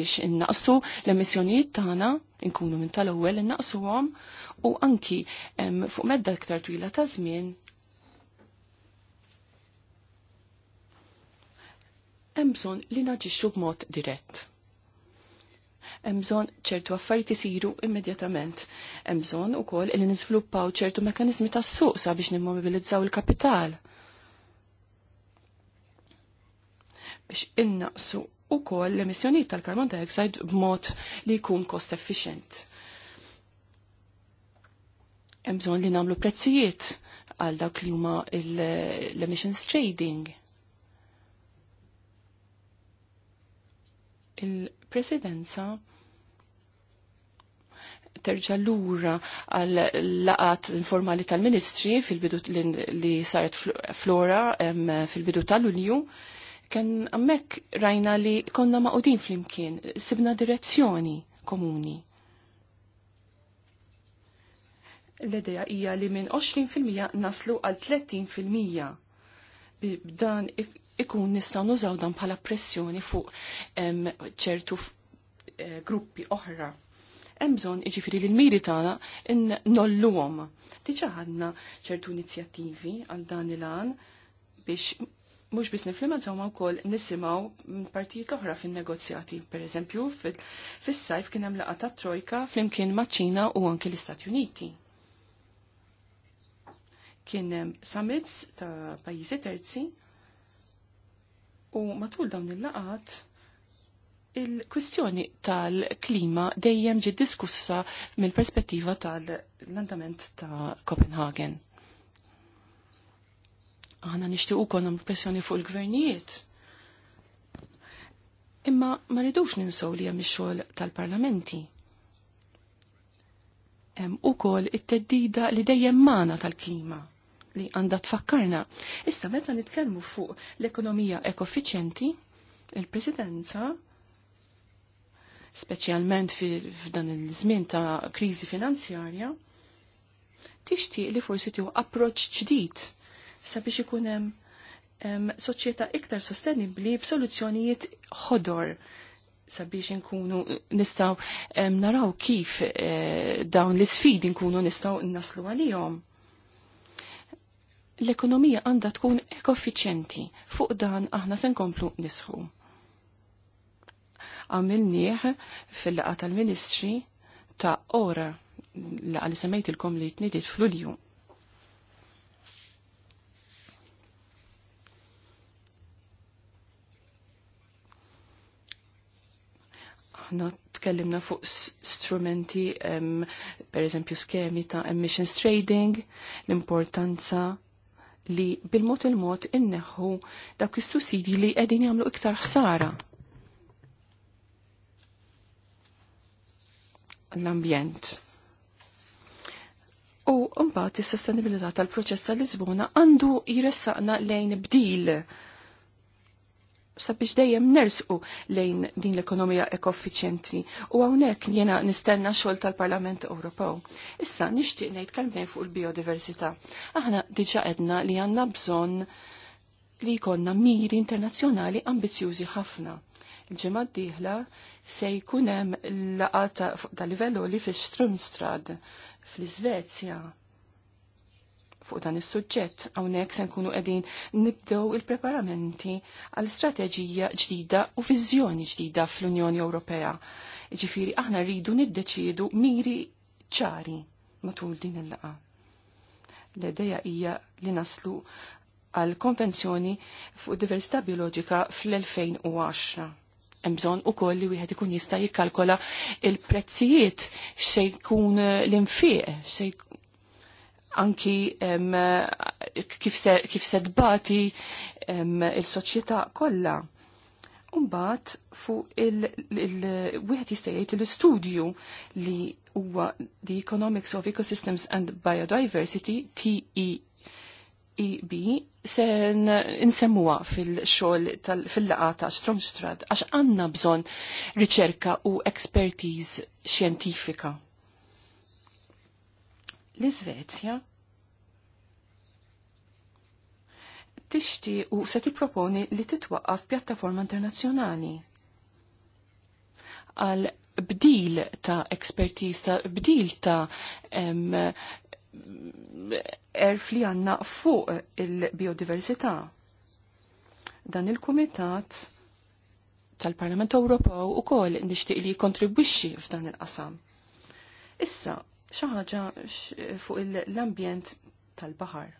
biex innaqsu l-emissjonijiet tagħna inkunu minn tal-ewwel innaqsuhom u anki fuq medda iktar twila ta' żmien hemm bżonn li naġixxu b'mod dirett. Hemm bżonn ċertu affarijiet isiru immedjatament. Hemm bżonn ukoll li niżviluppaw ċertu mekkaniżmi tas-suq sabiex nimmobilizzaw il-kapital. biex innaqsu u kol l-emissjoniet tal-carbon dioxide b'mod li jkun kost efficient. Emżon li namlu prezzijiet għal dawk li huma l-emissions trading. Il-presidenza terġa lura għal laqat informali tal-ministri fil-bidu li saret flora fil-bidu tal-Unju Kien hemmhekk rajna li konna maqudin flimkien, sibna direzzjoni komuni. L-idea hija li minn 20% naslu għal 30% b'dan ikun nistgħu nużaw dan bħala pressjoni fuq ċertu eh, gruppi oħra emżon iġifiri li l-miri tana nolluwom. Diġà ċertu inizjattivi għal dan il-għan biex mux bis niflimazzom ma wkoll nisimaw partijiet oħra fin-negozjati. Per eżempju, fis-sajf kien hemm laqgħa ta' trojka flimkien maċ-Ċina u anke l-Istati Uniti. Kien hemm summits ta' pajjiżi terzi u matul dawn il-laqat il-kwistjoni tal-klima dejjem ġi diskussa mill-perspettiva tal-landament ta' Copenhagen Aħna u konna pressjoni fuq il-gvernijiet. Imma ma rridux ninsow li hemm ix-xogħol tal-parlamenti. Hemm ukoll it-teddida li dejjem magħna tal-klima li għandha tfakkarna. Issa meta nitkellmu fuq l-ekonomija ekoffiċjenti, il-presidenza speċjalment f'dan il-żmien ta' kriżi finanzjarja, tixtieq li forsi tieħu approċċ ġdid sabiex ikun hemm soċjetà iktar sostenibbli b'soluzzjonijiet ħodor sabiex nkunu nistaw naraw kif eh, dawn l isfidi nkunu nistaw naslu għalihom. L-ekonomija għandha tkun ekoffiċenti fuq dan aħna se nkomplu nisħu. Għamilnieh fil-laqa tal-Ministri ta' ora laqa li semmejtilkom li tnidiet fl-ulju aħna tkellimna fuq strumenti, um, per eżempju skemi ta' emissions trading, l-importanza li bil-mod il-mod inneħu dak is-sussidi li qegħdin jagħmlu iktar ħsara. L-ambjent. U mbagħad is-sostenibilità tal-proċess tal-Lisbona għandu jressaqna lejn bdil sabiex dejjem nersqu lejn din l-ekonomija ekoffiċjenti u hawnhekk jiena nistenna xogħol tal-Parlament Ewropew. Issa nixtieq ngħid kemmejn fuq il-biodiversità. Aħna diġà qedna li għandna bżonn li jkollna miri internazzjonali ambizjużi ħafna. Il-ġimgħa d-dieħla se jkun hemm laqgħa ta' livell li fi Strumstrad fl-Iżvezja fuq dan is-suġġett hawnhekk se nkunu qegħdin nibdew il-preparamenti għal strateġija ġdida u viżjoni ġdida fl-Unjoni Ewropea. Ġifieri aħna rridu niddeċiedu miri ċari matul din il-laqa. L-idea hija li naslu għal konvenzjoni fuq diversità biologika fl-2010 hemm bżonn ukoll li wieħed ikun jista' jikkalkola il-prezzijiet se jkun l-infiq, anki um, kif, se, dbati um, il-soċjetà kollha. Umbat fu il-wieħed jista' jgħid l-istudju li huwa The Economics of Ecosystems and Biodiversity TEEB se nsemmuha fil-xogħol fil-laqgħa ta' Stromstrad għax għandna bżonn riċerka u expertise xjentifika L-Iżvezja tixti u se tipproponi li titwaqqaf pjattaforma internazzjonali għal bdil ta' ekspertiż ta' bdil ta' em, erf li għanna fuq il-biodiversità. Dan il-Kumitat tal-Parlament Ewropew ukoll nixtieq li jikkontribwixxi f'dan il-qasam. Issa, xaħġa ħaġa fuq l-ambjent tal-baħar.